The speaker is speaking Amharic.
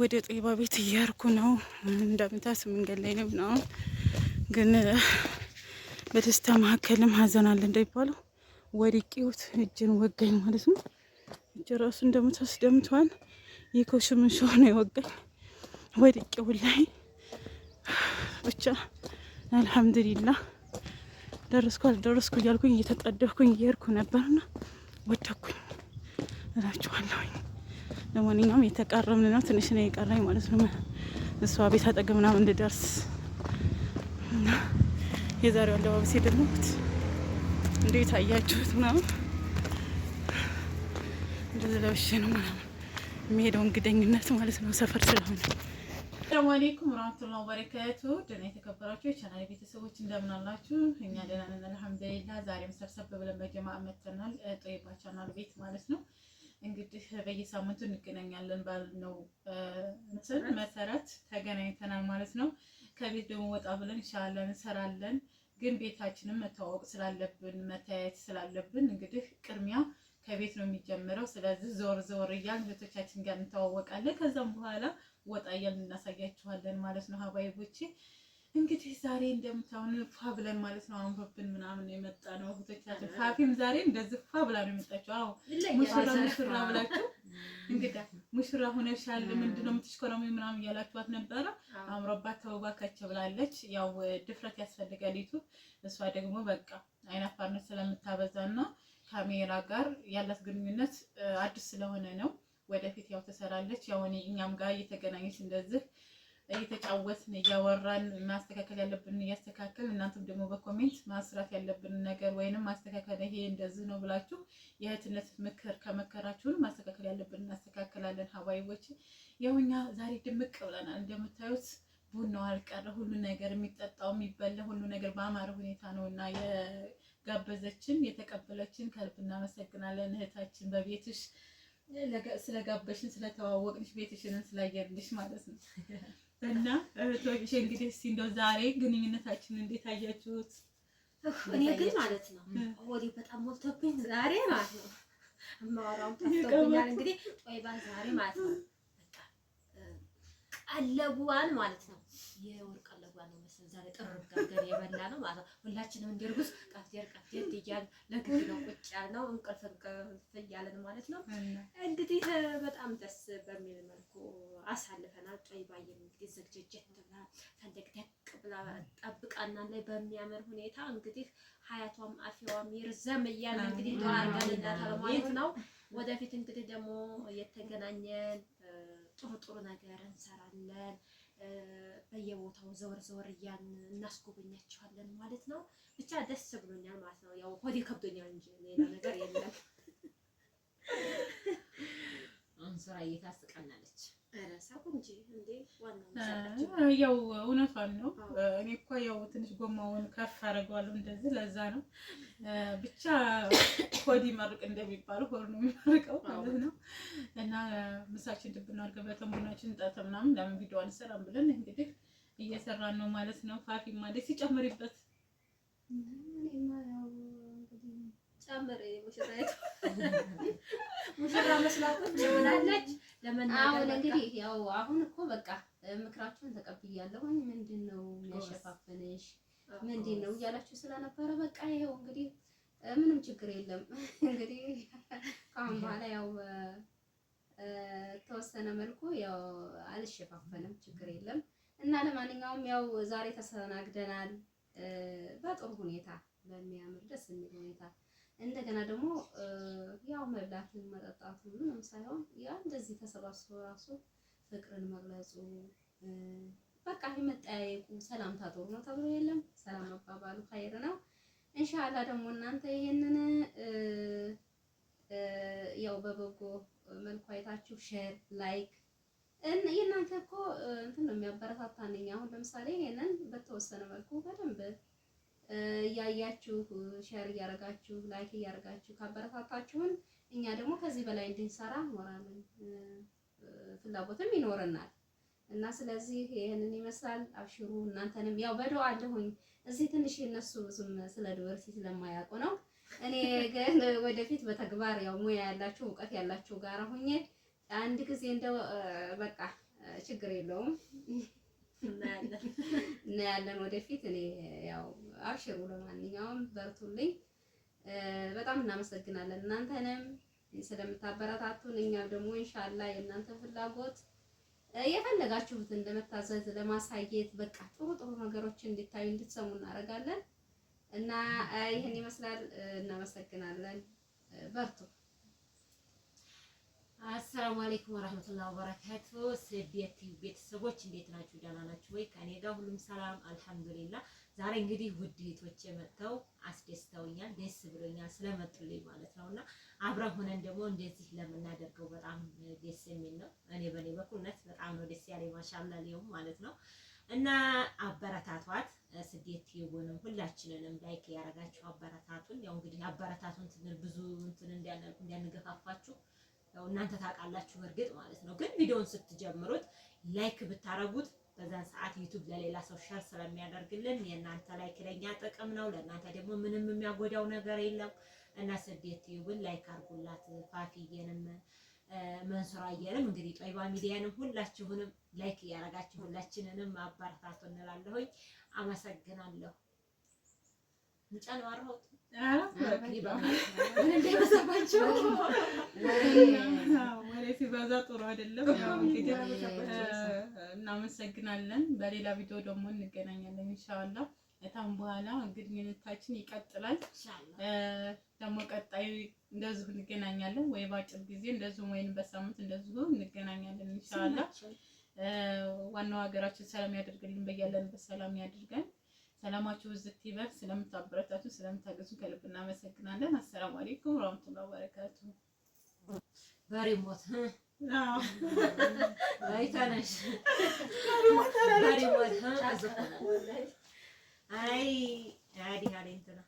ወደ ጦይባ ቤት እያርኩ ነው። እንደምታስ መንገድ ላይ ነው ምናምን ግን በደስታ መካከልም ሀዘን አለ እንደሚባለው ወድቄውት እጅን ወጋኝ ማለት ነው። እጅ ራሱ እንደምታስ ደምቷል። የኮሽምሾ ነው የወጋኝ ወድቄው ላይ ብቻ አልሐምዱሊላህ ደረስኩ አልደረስኩ እያልኩኝ እየተጠደፍኩኝ እየሄድኩ ነበርና ወደኩኝ እላችኋለሁኝ። ለማንኛውም የተቃረምን ነው። ትንሽ ነው የቀራኝ ማለት ነው። እሷ ቤት አጠገብ ምናምን እንድደርስ የዛሬው አለባበስ የደሞት እንዴት አያችሁት? ምናምን እንደዚህ ለብሼ ነው ምናምን የሚሄደው እንግደኝነት ማለት ነው ሰፈር ስለሆነ። ሰላሙ አሌይኩም ወራህመቱላሂ ወበረካቱ። ደህና የተከበራችሁ የቻናል ቤተሰቦች እንደምን አላችሁ? እኛ ደህና ነን አልሐምዱሊላህ። ዛሬም ሰብሰብ ብለን በጀማዓ መጥተናል። ጠይባ ቻናል ቤት ማለት ነው እንግዲህ በየሳምንቱ እንገናኛለን ባልነው እንትን መሰረት ተገናኝተናል ማለት ነው። ከቤት ደግሞ ወጣ ብለን እንሻላለን እንሰራለን። ግን ቤታችንን መተዋወቅ ስላለብን መተያየት ስላለብን እንግዲህ ቅድሚያ ከቤት ነው የሚጀምረው። ስለዚህ ዞር ዞር እያልን እህቶቻችን ጋር እንተዋወቃለን። ከዛም በኋላ ወጣ እያልን እናሳያችኋለን ማለት ነው ሀባይቦቼ እንግዲህ ዛሬ እንደምታውን ፋ ብለን ማለት ነው። አሁን ፈብን ምናምን የመጣ ነው እህቶቻችን። ፋፊም ዛሬ እንደዚህ ፋ ብላ ነው የመጣችው። አዎ ሙሽራ ሙሽራ ብላችሁ እንግዲህ ሙሽራ ሆነሻል ምንድን ነው የምትሽኮረሙ ምናምን እያላችኋት ነበረ። አምሮባት ተውባ ከች ብላለች። ያው ድፍረት ያስፈልጋል ዩቱብ። እሷ ደግሞ በቃ አይናፋርነት ስለምታበዛና ካሜራ ጋር ያላት ግንኙነት አዲስ ስለሆነ ነው። ወደፊት ያው ትሰራለች። ያው እኔ እኛም ጋር እየተገናኘች እንደዚህ እየተጫወትን እያወራን ማስተካከል ያለብን እያስተካከል፣ እናንተም ደግሞ በኮሜንት ማስራት ያለብን ነገር ወይንም ማስተካከል ይሄ እንደዚህ ነው ብላችሁ የእህትነት ምክር ከመከራችሁን ማስተካከል ያለብን እናስተካከላለን። ሀባይቦች ያው እኛ ዛሬ ድምቅ ብለናል። እንደምታዩት ቡናው አልቀረ፣ ሁሉ ነገር የሚጠጣው የሚበላ ሁሉ ነገር በአማረ ሁኔታ ነው እና የጋበዘችን የተቀበለችን ከልብ እናመሰግናለን እህታችን በቤትሽ ስለጋበሽን ስለተዋወቅንሽ ቤትሽንን ስላየልሽ ማለት ነው። እና እህቶቼ እንግዲህ እስቲ እንደው ዛሬ ግንኙነታችን እንዴት አያችሁት? እኔ ግን ማለት ነው ወዲ በጣም ሞልቶብኝ ዛሬ ማለት ነው የማወራውም ጠፍቶብኛል። እንግዲህ ባል ዛሬ ማለት ነው በቃ ቀለቧን ማለት ነው የወርቅ አለጓ ነው መሰል ዛሬ ጥርብ ጋር የበላ ነው ማለት ነው። ሁላችንም እንዲርጉስ ቀፍቴር ቀፍቴር እያልን ለግድ ነው ቁጭ ያልነው እንቅልፍ እንቅልፍ እያለን ማለት ነው። እንግዲህ በጣም ደስ በሚል መልኩ አሳልፈናል። ጦይባየም እንግዲህ ዝግጅት ብላ ፈንደቅ ደቅ ብላ ጠብቃና ላይ በሚያምር ሁኔታ እንግዲህ ሀያቷም አፊዋም ይርዘም እያልን እንግዲህ ዱዓ ማለት ነው። ወደፊት እንግዲህ ደግሞ የተገናኘን ጥሩ ጥሩ ነገር እንሰራለን። በየቦታው ዘወር ዘወር እያልን እናስጎበኛቸዋለን ማለት ነው። ብቻ ደስ ብሎኛል ማለት ነው። ያው ሆዴ ከብዶኛል እንጂ ሌላ ነገር የለም። አሁን ስራ እየታስቀናለች ያው እውነቷን ነው። እኔ እኮ ያው ትንሽ ጎማውን ከፍ አደርገዋለሁ እንደዚህ ለዛ ነው ብቻ ሆድ ይመርቅ እንደሚባለው ሆድ ነው የሚመርቀው ማለት ነው። እና ምሳችን ድብና አድርገን በተንቡናችን ጠጥ ምናምን ለምን ቪዲዮ አንሰራም ብለን እንግዲህ እየሰራን ነው ማለት ነው። ፋፊ ማለት ሲጨምሪበት ጨምር ሙሽራ መስላቶች ሆናለች አሁን እንግዲህ ያው አሁን እኮ በቃ ምክራችሁን ተቀብያለሁኝ። ምንድን ነው የሚያሸፋፍንሽ ምንድን ነው እያላችሁ ስለነበረ በቃ ይኸው እንግዲህ ምንም ችግር የለም። እንግዲህ ከአሁን በኋላ ያው ተወሰነ መልኩ ያው አልሸፋፈንም፣ ችግር የለም እና ለማንኛውም ያው ዛሬ ተሰናግደናል? በጥሩ ሁኔታ በሚያምር ደስ የሚል ሁኔታ እንደገና ደግሞ ያው መብላትን መጠጣቱ ምንም ሳይሆን ያ እንደዚህ ተሰባስቦ ራሱ ፍቅርን መግለጹ በቃ የመጠያየቁ ሰላምታ ጥሩ ነው ተብሎ የለም። ሰላም መባባሉ ኸይር ነው። እንሻላ ደግሞ እናንተ ይሄንን ያው በበጎ መልኩ አይታችሁ ሼር፣ ላይክ የእናንተ እኮ እንትን ነው የሚያበረታታንኛ አሁን ለምሳሌ ይሄንን በተወሰነ መልኩ በደንብ እያያችሁ ሼር እያደረጋችሁ ላይክ እያደረጋችሁ ካበረታታችሁን እኛ ደግሞ ከዚህ በላይ እንድንሰራ ሞራልን ፍላጎትም ይኖረናል እና ስለዚህ ይህንን ይመስላል። አብሽሩ እናንተንም ያው በዱአ አለሁኝ። እዚህ ትንሽ እነሱ ብዙም ስለ ዲቨርሲ ስለማያውቁ ነው። እኔ ግን ወደፊት በተግባር ያው ሙያ ያላችሁ እውቀት ያላችሁ ጋር ሁኜ አንድ ጊዜ እንደው በቃ ችግር የለውም እናያለን ወደፊት። እኔ ያው አብሽሩ፣ ለማንኛውም በርቱልኝ። በጣም እናመሰግናለን እናንተንም ስለምታበረታቱን። እኛም ደግሞ ኢንሻላ የእናንተ ፍላጎት የፈለጋችሁት ለመታዘዝ ለማሳየት በቃ ጥሩ ጥሩ ነገሮችን እንዲታዩ እንድትሰሙ እናደርጋለን እና ይህን ይመስላል። እናመሰግናለን። በርቱ። አሰላሙ አለይኩም ወራህመቱላሂ ወበረካቱ። ስደት ቤተሰቦች እንዴት ናችሁ? ደህና ናችሁ ወይ? ከኔ ጋር ሁሉም ሰላም አልሐምዱሊላህ። ዛሬ እንግዲህ ውድ እህቶች መጥተው አስደስተውኛል፣ ደስ ብሎኛል ስለመጡልኝ ማለት ነውና አብረን ሆነን ደግሞ እንደዚህ ለምናደርገው በጣም ደስ የሚል ነው። እኔ በኔ በኩል እውነት በጣም ነው ደስ ያለኝ። ማሻአላ ሊሆን ማለት ነው እና አበረታቷት ስደት የሆነም ሁላችንንም ላይክ ያደረጋችሁ አበረታቱን። ያው እንግዲህ አበረታቱን ትንል ብዙ እንትን እንዳንገፋፋችሁ ያው እናንተ ታውቃላችሁ እርግጥ ማለት ነው። ግን ቪዲዮውን ስትጀምሩት ላይክ ብታረጉት በዛን ሰዓት ዩቲዩብ ለሌላ ሰው ሼር ስለሚያደርግልን የእናንተ ላይክ ለኛ ጥቅም ነው። ለእናንተ ደግሞ ምንም የሚያጎዳው ነገር የለም እና ስደት ይሁን ላይክ አርጉላት። ፋፊየንም መንሱራየንም እንግዲህ ጦይባ ሚዲያንም ሁላችሁንም ላይክ እያረጋችሁ ሁላችንንም አበረታቱ እንላለሁኝ። አመሰግናለሁ። ምጫ ነው ወሬ ሲበዛ ጥሩ አይደለም። እናመሰግናለን። በሌላ ቪዲዮ ደግሞ እንገናኛለን ኢንሻላህ። ከታም በኋላ ግንኙነታችን ይቀጥላል። ደግሞ ቀጣዩ እንደዚሁ እንገናኛለን፣ ወይ በአጭር ጊዜ እንደዚሁ ወይንም በሳምንት እንደዚሁ እንገናኛለን ኢንሻላህ። ዋናው ሀገራችን ሰላም ያደርግልን፣ በያለንበት ሰላም ያድርገን። ሰላማችሁ ብዝት ይበል። ስለምታበረታቱ ስለምታገዙ ከልብ እናመሰግናለን። አሰላሙ አለይኩም ወራህመቱላሂ ወበረካቱ። በሬ ሞት አይተነሽ በሬ ሞት አይ አዲ አለንተና